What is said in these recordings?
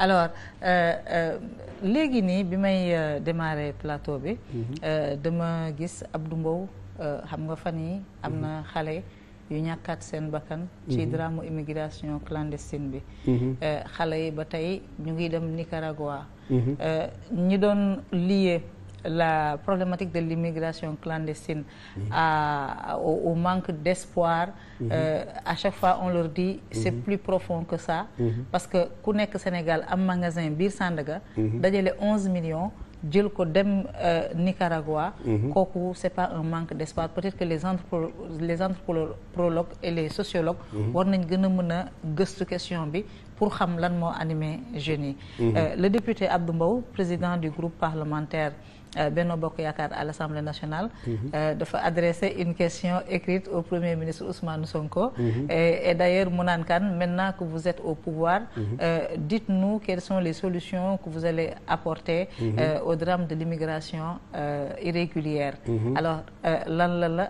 alors euh, euh, léegi nii bi may euh, démarrer plateau bi. Mhm. dama gis Abdou Mbow xam nga fan yi am na mhm. xale yu ñàkkat seen bakkan. ci mhm. drame immigration clandestine bi. xale yi ba tey ñu ngi dem Nicaragua. ñi doon lié. la problématique de l'immigration clandestine mm-hmm. à, au, au manque d'espoir mm-hmm. euh, à chaque fois on leur dit c'est mm-hmm. plus profond que ça parce que ku nekk Sénégal am magasin biir Sandaga dajale onze millions jël ko dem euh, Nicaragua kooku c'est pas un manque d'espoir peut-être que les anthropo les anthropologues et les sociologues war nañ gën a mën a gëstu question bi pour xam lan moo animé jeunes yi. Mhm. Euh, le député Abdou Mbow président du groupe parlementaire euh, Benno Bokk Yaakaar à l'Assemblée nationale. Mhm. Euh, dafa adressé une question écrite au premier ministre Ousmane Sonko. Mhm. et d'ailleurs mu naan kan maintenant que vous êtes au pouvoir. dites-nous quelles sont les solutions que vous allez apporter. au drame de l'immigration irrégulière. alors lan la la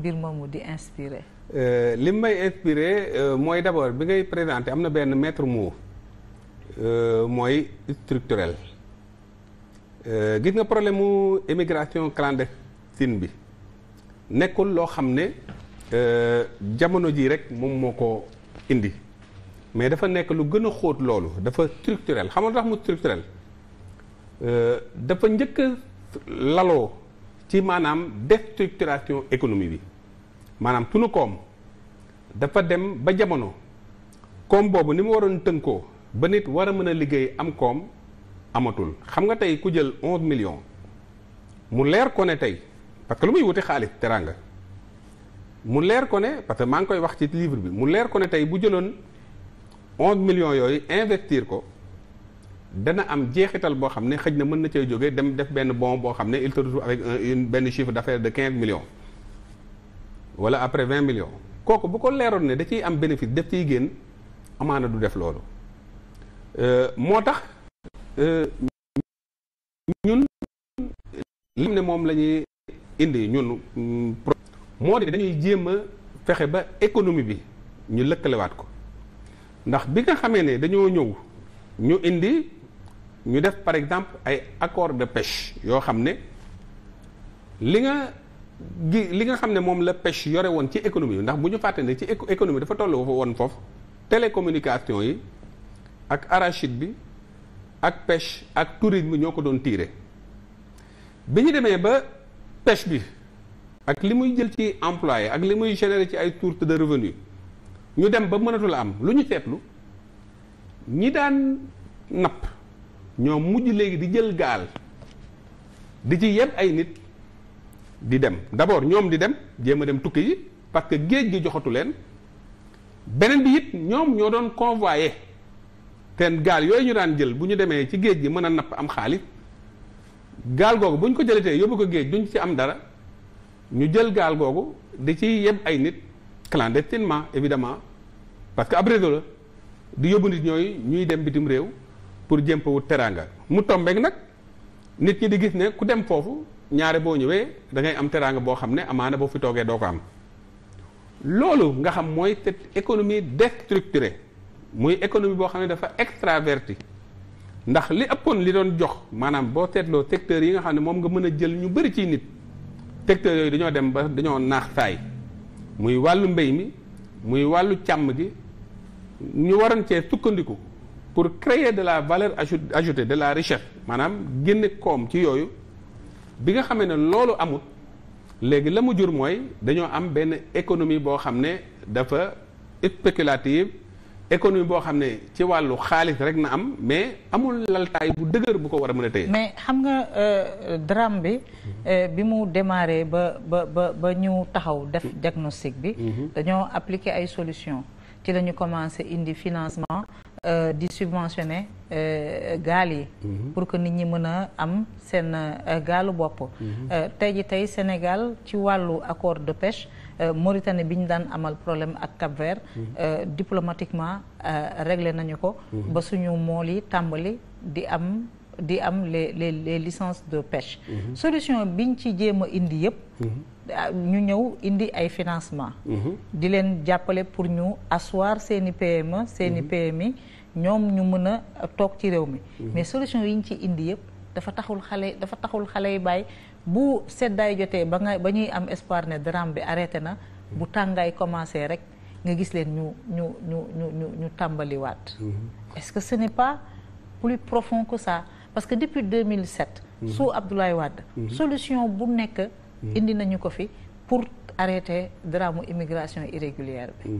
mbir moomu di inspiré. Euh, li may inspiré euh, mooy d'abord bi ngay présenté am na benn maître mot euh, mooy structurel gis nga problème mu immigration clandestine bi nekkul loo xam ne jamono ji rek moom moo ko indi mais dafa nekk lu gën a xóot loolu dafa structurel xam nga tax mu structurel dafa njëkk a laloo ci maanaam déstructuration économie bi maanaam sunu koom dafa dem ba jamono koom boobu ni mu waroon tënkoo ba nit war a mën a liggéey am koom amatul xam nga tey ku jël onze million mu leer ko ne tey parce que lu muy wuti xaalis teraanga mu leer ko ne parce que maa ngi koy wax ci livre bi mu leer ko ne tey bu jëloon onze millions yooyu investir ko dana am jeexital boo xam ne xëj na mën na cee jógee dem def benn bon boo xam ne il se retrouve avec un benn chiffre d'affaires de quinze million wala après vingt millions kooku bu ko leeroon ne da am bénéfice def ciy génn amaana du def loolu euh, moo tax euh, ñun li ne moom la ñuy indi ñun moo di dañuy jéem a fexe ba économie bi ñu lëkkalewaat ko ndax bi nga xamee ne dañoo ñëw ñu indi ñu def par exemple ay accord de pêche yoo xam ne li nga gi li nga xam ne moom la pêche yore woon ci économie yu ndax bu ñu fàtte ne ci économie dafa toll woon foofu télécommunication yi ak arachide bi ak pêche ak tourisme ñoo ko doon tiire bi ñu demee ba pêche bi ak li muy jël ci employé ak li muy générer ci ay sources de revenu ñu dem ba mënatul am lu ñu seetlu ñi daan napp ñoo mujj léegi di jël gaal di ji yeb ay nit di dem d'abord ñoom di dem jéem a dem tukki yi parce que géej gi joxatu leen beneen bi it ñoom ñoo doon convoyé seen gaal yooyu ñu daan jël bu ñu demee ci géej gi mën a napp am xaalis gaal googu bu ñu ko jëlatee yóbbu ko géej ñu ci am dara ñu jël gaal googu di ci yeb ay nit clandestinement évidemment parce que ab réseau la di yóbbu nit ñooy ñuy dem bitim réew pour jëmpawut teraanga mu tombeek nag nit ñi di gis ne ku dem foofu ñaare boo ñëwee dangay am teraanga boo xam ne amaana boo fi toogee doo ko am loolu nga xam mooy te économie déstructurée muy économie boo xam ne dafa extraverti ndax li ëppoon li doon jox maanaam boo seetloo secteurs yi nga xam ne moom nga mën a jël ñu bëri ci nit secteurs yooyu dañoo dem ba dañoo naax saay muy wàllu mbay mi muy wàllu càmm gi ñu waroon cee sukkandiku pour créer de la valeur ajoutée de la richesse maanaam génne koom ci yooyu bi nga xamee ne loolu amut léegi la mu jur mooy dañoo am benn économie boo xam ne dafa spéculative économie boo xam ne ci wàllu xaalis rek na am mais amul laltaay bu dëgër bu ko wara a mën a téye. mais xam nga euh, drame bi mhm. euh, bi mu démarré ba ba ba ba ñu taxaw def diagnostic bi. Mhm. dañoo appliquer ay solutions ci la ñu commencé indi financement. Euh, di subventionner euh, gaal yi. Mhm. pour que nit ñi mën a am seen euh, gaalu bopp. Mhm. tey ji tey Sénégal ci wàllu accord de pêche Mauritanie bi ñu daan amal problème ak Cap-Vert. Mhm. diplomatiquement réglé nañu ko. ba suñu mool tàmbali di am. di am les les les licences de pêche. Mhm. solution bi ñu ci jéem a indi yëpp. Mhm. Ah, ñu ñëw indi ay financement mhm. di leen jàppale pour ñu assoir seeni PME seeni mi ñoom ñu mën a toog ci réew mi. mais solution yi ñu ci indi yëpp dafa taxul xale dafa taxul xale yi bàyyi bu seddaay jotee ba nga ba ñuy am espoir ne drame bi arrêté na. bu tàngaay commencé rek nga gis leen ñu ñu ñu ñu ñu tàmbaliwaat. est-ce que pas plus profond que parce que depuis 2007. Mhm. sous Abdoulaye Wade. Mhm. solution bu nekk. Mhm. indi nañu ko fi pour arrêter drame immigration irrégulière bi.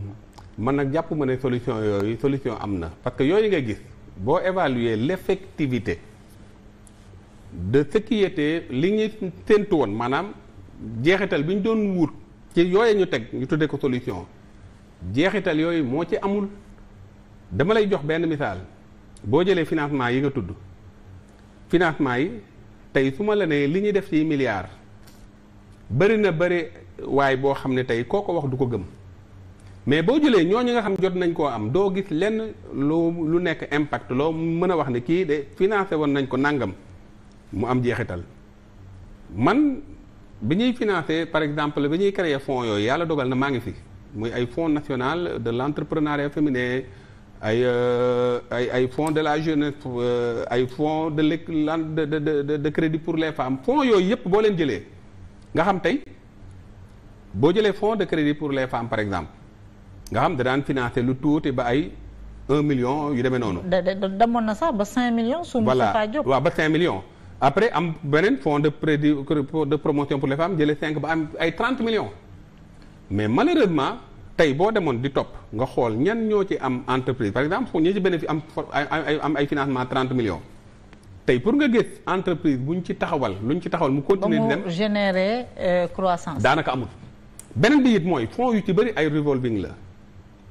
man nag jàpp ma ne solution yooyu solution am na parce que yooyu nga gis boo évaluer l'effectivité de ce li ñuy séntu woon maanaam jeexital bi ñu doon wuur ci yooyu ñu teg ñu tuddee ko solution jeexital yooyu moo ci amul dama lay jox benn misaal boo jëlee financement yi nga tudd. financement yi tey su ma la nee li ñuy def ci milliards bëri na bëri waaye boo xam ne tey koo ko wax du ko gëm mais boo jëlee ñooñu nga xam jot nañ koo am doo gis lenn lu lu nekk impact loo mën a wax ne kii de financé woon nañ ko nangam mu am jeexital man bi ñuy financé par exemple bi ñuy créer fonds yooyu yàlla dogal na maa ngi fi muy ay fonds national de l'entrepreneuriat féminin ay euh, ay ay fonds de la jeunesse euh, ay fonds de lan de de de crédit pour les femmes fonds yooyu yëpp boo leen jëlee nga xam tey boo jëlee fonds de crédit pour les femmes par exemple nga xam da daan financer lu tuuti ba ay un million yu demee noonu. da da demoon na sax ba cinq millions. su Moustapha Diop voilà waaw ba cinq millions. après am beneen fonds de crédit de promotion pour les femmes jëlee cinq ba am ay trente millions mais malheureusement. tey boo demoon di topp nga xool ñan ñoo ci am entreprise par exemple ñoo ci fi am am ay financement 30 millions tey pour nga gis entreprise bu ñu ci taxawal lu ñu ci taxawal mu continuer di dem ba mu générer euh, croissance. daanaka beneen bi it mooy fonds yu ci bëri ay revolving la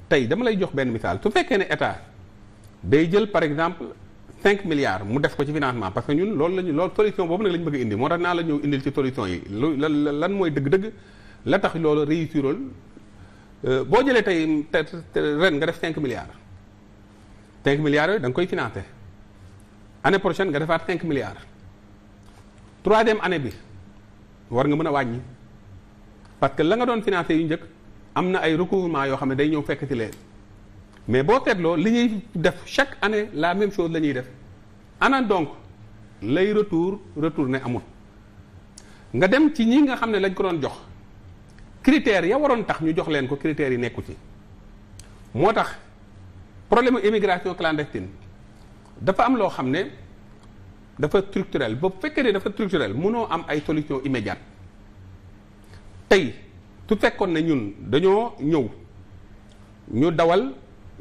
tey dama lay jox benn misaal su fekkee ne état day jël par exemple 5 milliards mu def ko ci financement parce que ñun loolu la ñu loolu solution boobu nag la bëgg indi moo yi lu lan lan mooy dëgg-dëgg la tax loolu réussirul Euh, boo jëlee tey te ren nga def 5 milliards 5 milliards yooyu da nga koy financé anne prochaine nga defaat 5 milliards troisième année bi war nga mën a wàññi parce que la nga doon financé yu njëkk am na ay recouvrement yoo xam ne day ñëw fekk ci leen mais boo seetloo li ñuy def chaque année la même chose la ñuy def ana donc lay retour retour retourné amul nga dem ci ñi nga xam ne lañ ko doon jox. critères ya waroon tax ñu jox leen ko critères yi nekku ci moo tax problème immigration clandestine dafa am loo xam ne dafa structurel ba fekkee ne dafa structurel mënoo am ay solution immédiate tey su fekkoon na ñun dañoo ñëw ñu dawal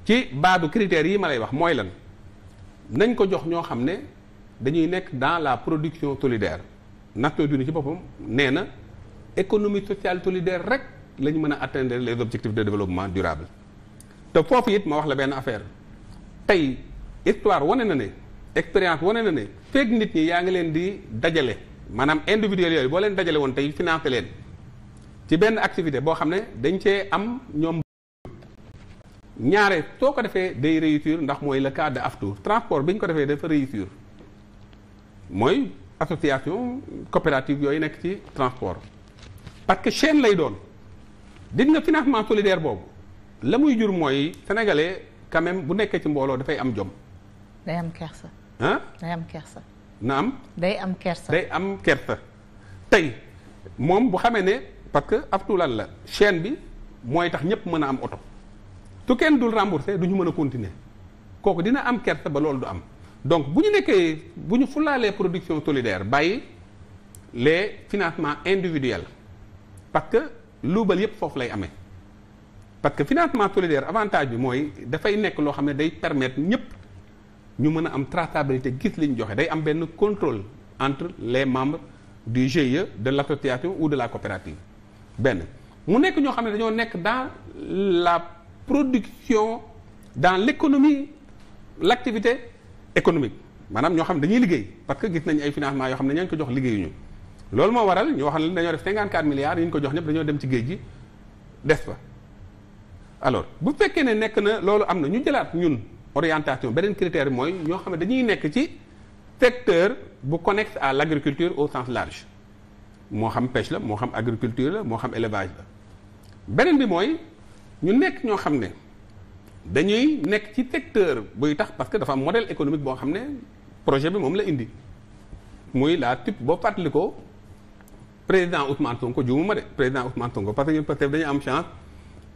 ci baadu critères yi ma lay wax mooy lan nañ ko jox ñoo xam ne dañuy nekk dans la production solidaire Nations Unies ci boppam nee na économie sociale solidaire rek la ñu mën a atteindre les objectifs de développement durable te foofu it ma wax la benn affaire tey histoire wane na ne expérience wane na ne feeg nit ñi yaa ngi leen di dajale maanaam individuel yooyu boo leen dajale woon tey financé leen ci benn activité boo xam ne dañ cee am ñoom ñaare soo ko defee day réussir ndax mooy le cas de Aftour transport bi ñu ko defee dafa réussir mooy association coopérative yooyu nekk ci transport parce que chaîne lay doon dégg nga financement solidaire boobu la muy jur mooy sénégalais quand bu nekkee ci mbooloo dafay am jom. day am kersa. ah day am kersa. na am day am kersa tey moom bu xamee ne parce que aftu la chaîne bi mooy tax ñëpp mën a am oto su kenn dul remboursé du ñu mën a continuer kooku dina am kersa ba loolu du am donc bu ñu nekkee bu ñu fulaalee production solidaire bàyyi les financement individuels. parce que luubal yépp foofu lay amee parce que financement solidaire avantage bi mooy dafay nekk loo xam ne day permettre ñëpp ñu mën a am tratabilité gis li ñu joxe day am benn contrôle entre les membres du GIE de l'association ou de la coopérative benn mu nekk ñoo xam ne dañoo nekk dans la production dans l'économie l'activité économique maanaam ñoo xam ne dañuy liggéey parce que gis nañ ay financement yoo xam ne ña ko jox liggéeyuñu loolu moo waral ñoo xam ne dañoo def 54 milliards yi ñu ko jox ñëpp dañoo dem ci géej gi des fa alors bu fekkee ne nekk na loolu am na ñu jëlaat ñun orientation beneen critère bi mooy ñoo xam ne dañuy nekk ci secteur bu connexe à l' agriculture au sens moo xam pêche la moo xam agriculture la moo xam élevage la bi mooy ñu nekk ñoo xam ne dañuy nekk ci secteur buy tax parce que dafa am modèle économique boo xam ne projet bi moom la indi muy la type boo fàttalikoo président Ousmane Sonko juumu ma de président Ousmane Sonko parce que ñun Pastef dañu am chance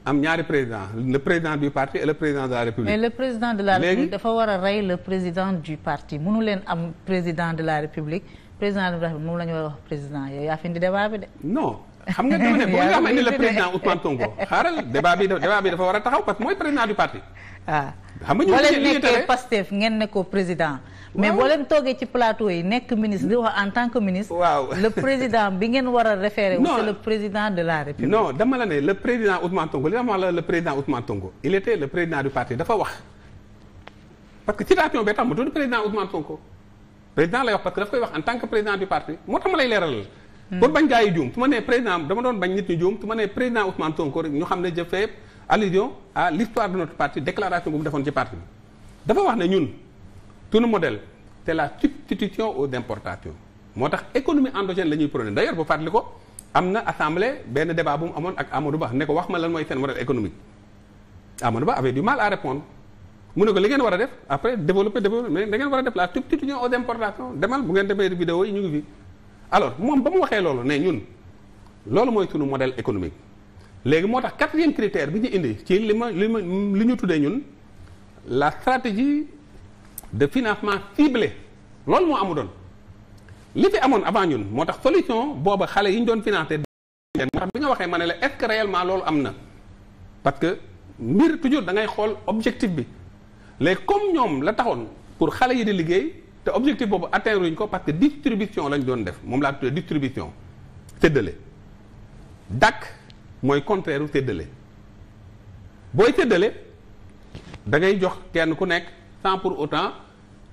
am ñaari président le président du parti et le président de la république. mais le président de la république dafa war a rey le président du parti mënu leen am président de la république président de la république moom la ñu war a wax président yow yaa fi indi débat bi de. non xam nga dama ne boo ñu indi le président Ousmane Sonko xaaral débat bi débat bi dafa war a taxaw parce que mooy président du parti. waaw ah. xam nga ñu ngi Pastef ngeen ne ko président. mais boo leen toogee ci plateau yi nekk ministre di wax en tant que ministre. waaw le président bi ngeen war a référé. non c'est le président de la république. non dama la ne le président Ousmane Sonko li nga wax la le président Ousmane Sonko il était le président du parti dafa wax parce que citation bee tax mu tudd président Ousmane Sonko président lay wax parce que daf koy wax en tant que président du parti moo tax ma lay leeralal. Hmm. pour bañ gaa yi juum doon bañ nit ñu juum su ma nee président Ousmane Sonko rek ñu xam de notre parti déclaration wax ne ñun. tunu modèle c'est la substitution aux importations moo tax économie endogène la ñuy prôné d'ailleurs bu fàttali ko am na assemblée benn débat bu mu amoon ak Amadou Ba ne ko wax ma lan mooy seen modèle économique Amadou Ba avait du ne ko li ngeen war a def après développer développer mais da ngeen a def la substitution aux importations demal bu ngeen moom ba mu waxee loolu ne ñun loolu mooy sunu modèle économique léegi moo tax quatrième critère bi ñu indi ci li ma li ma li ñu tuddee ñun la stratégie de financement ciblé loolu moo amu doon li fi amoon avant ñun moo tax solution booba xale yi ñu doon financé moo tax bi nga waxee ma ne la est loolu am na parce que mbir toujours da ngay xool objectif bi léegi comme ñoom la taxoon pour xale yi di liggéey te objectif boobu atteindre ñu ko parce que distribution lañ doon def moom laa tuddee distribution séddale dak mooy contraire séddale booy séddale da ngay jox kenn ku nekk sans pour autant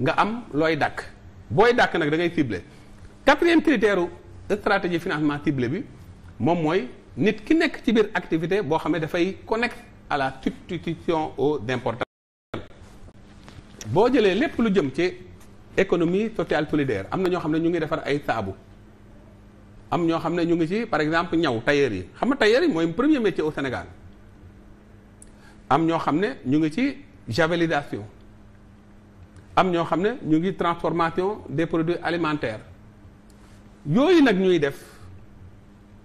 nga am looy dàkk booy dàkk nag dangay ngay ciblé quatrième critère stratégie financement ciblé bi moom mooy nit ki nekk ci biir activité boo xam ne dafay connecte à la substitution aux important boo jëlee lépp lu jëm ci économie sociale solidaire am na ñoo xam ne ñu ngi defar ay saabu am ñoo xam ne ñu ngi ci par exemple ñaw tailleur yi xam nga tailleur yi mooy premier métier au Sénégal am ñoo xam ne ñu ngi ci javelisation am ñoo xam ne ñu ngi transformation des produits alimentaires yooyu nag ñuy def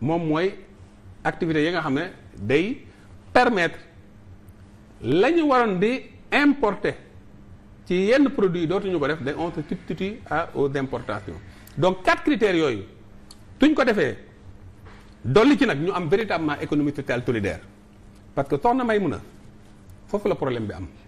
moom mooy activités yi nga xam ne day permettre la ñu waroon di importer ci yenn produits dootuñu ko def day on se substitue à aux importations donc quatre critères yooyu tuñ ko defee dolli ci nag ñu am véritablement économie sociale solidaire parce que soxna may mun a foofu la problème bi am